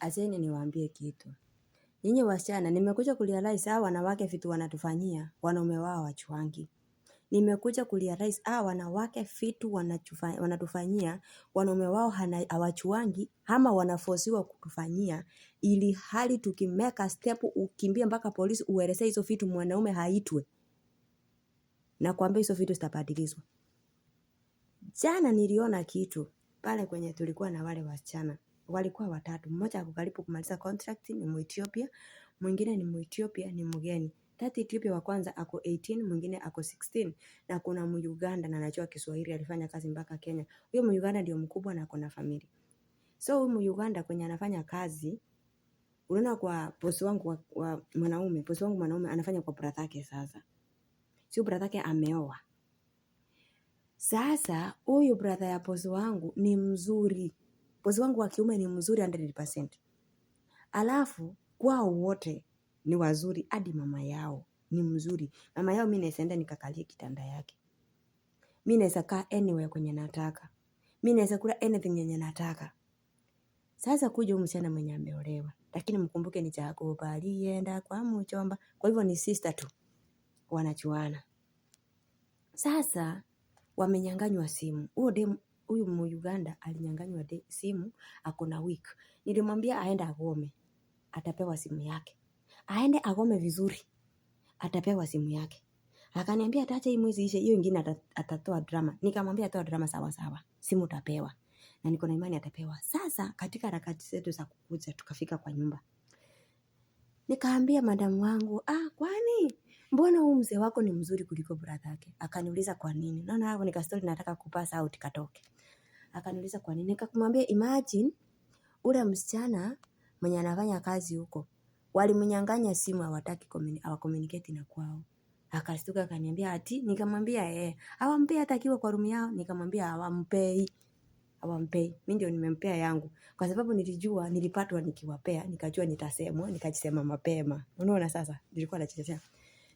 Acheni niwaambie kitu. Ninyi wasichana, nimekuja kurealize hawa wanawake vitu wanatufanyia, wanaume wao wachuangi. Nimekuja kurealize hawa wanawake vitu wanatufanyia, wanaume wao hawachuangi ama wanafosiwa kutufanyia, ili hali tukimeka step ukimbie mpaka polisi uelezee hizo vitu, mwanaume haitwe. Nakwambia hizo vitu zitabadilizwa. Jana niliona kitu pale kwenye tulikuwa na wale wasichana walikuwa watatu. Mmoja ako karibu kumaliza contract ni Muethiopia, mwingine ni Muethiopia ni mgeni. That Ethiopia wa kwanza ako 18, mwingine ako 16 na kuna Muuganda na anajua Kiswahili alifanya kazi mpaka Kenya. Huyo Muuganda ndio mkubwa na ako na familia. So huyu Muuganda kwenye anafanya kazi unaona kwa bosi wangu wa, wa mwanaume, bosi wangu mwanaume anafanya kwa brother yake sasa. Sio brother yake ameoa. Sasa huyu brother ya bosi wangu ni mzuri bosi wangu wa kiume ni mzuri 100%. Alafu kwao wote ni wazuri, hadi mama yao ni mzuri. Mama yao mi naweza enda nikakalie kitanda yake, mi naweza kaa anywhere kwenye nataka, mi naweza kula anything yenye nataka. Sasa kuja huyu msichana mwenye ameolewa, lakini mkumbuke ni Jacob alienda kwa mchomba, kwa hivyo ni sister tu wanachuana. Sasa wamenyanganywa simu, huo demu huyu mu Uganda alinyanganywa simu, ako na week. Nilimwambia aende agome, atapewa simu yake, aende agome vizuri, atapewa simu yake. Akaniambia ataacha hii mwezi ishe, hiyo ingine atatoa drama. Nikamwambia atoa drama sawa sawa, simu utapewa, na niko na imani atapewa. Sasa katika harakati zetu za kukuja, tukafika kwa nyumba, nikaambia madamu wangu ah, kwa mbona huu mzee wako ni mzuri kuliko brother yake? Akaniuliza kwa nini? Naona hapo nika story nataka kupasa out katoke. Akaniuliza kwa nini? Nikamwambia imagine ule msichana mwenye anafanya kazi huko walimnyang'anya simu, hawataki communicate na kwao. Akastuka akaniambia ati, nikamwambia eh, hawampei hata akiwa kwa room yao, nikamwambia hawampei hawampei. Mimi ndio nimempea yangu, kwa sababu nilijua, nilipatwa nikiwapea, nikajua nitasemwa, nikajisema mapema. Unaona sasa, nilikuwa nachezea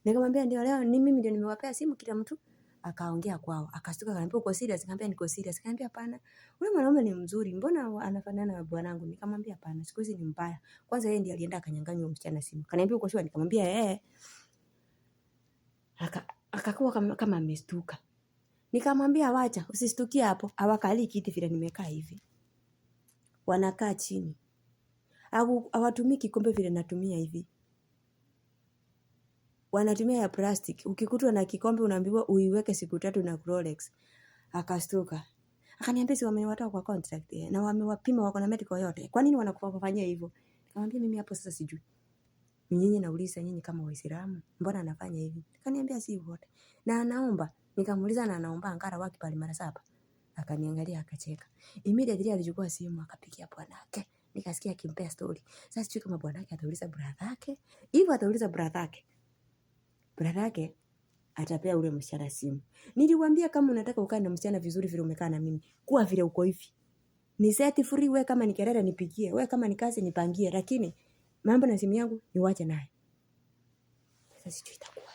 Nikamwambia ndio, leo ni mimi ndio nimewapea simu kila mtu akaongea kwao, akastuka, akaniambia uko serious? Nikamwambia niko serious. Akaniambia hapana, yule mwanaume ni mzuri, mbona anafanana na bwanangu? Nikamwambia hapana, siku hizi ni mbaya. Kwanza yeye ndiye alienda akanyang'anywa msichana simu. Akaniambia uko sure? Nikamwambia eh. Aka akakuwa kama, kama amestuka. Nikamwambia wacha, usistukie hapo. Hawakalii kiti vile nimekaa hivi, wanakaa chini, hawatumii kikombe vile natumia hivi wanatumia ya plastic. Ukikutwa na kikombe unaambiwa uiweke siku tatu na Clorox. Akastuka. Akaniambia si wamewatoa kwa contract eh, na wamewapima wako na medical yote. Kwa nini wanakufanyia hivyo? Nikamwambia mimi hapo sasa sijui. Nyinyi nauliza nyinyi kama Waislamu, mbona anafanya hivi? Akaniambia si hivyo. Na anaomba, nikamuuliza na anaomba angara waki pale mara saba. Akaniangalia akacheka. Immediately alichukua simu akapigia bwanake. Nikasikia akimpea story. Sasa sijui kama bwanake atauliza brother yake, hivyo atauliza brother yake. Brada yake atapea ule msichana simu. Niliwambia kama unataka ukae na msichana vizuri vile umekaa na mimi, kuwa vile uko hivi. Ni set free, wewe kama ni kelele nipigie, wewe kama ni kazi nipangie, lakini mambo na simu yangu niwache naye. Sasa sijui itakuwa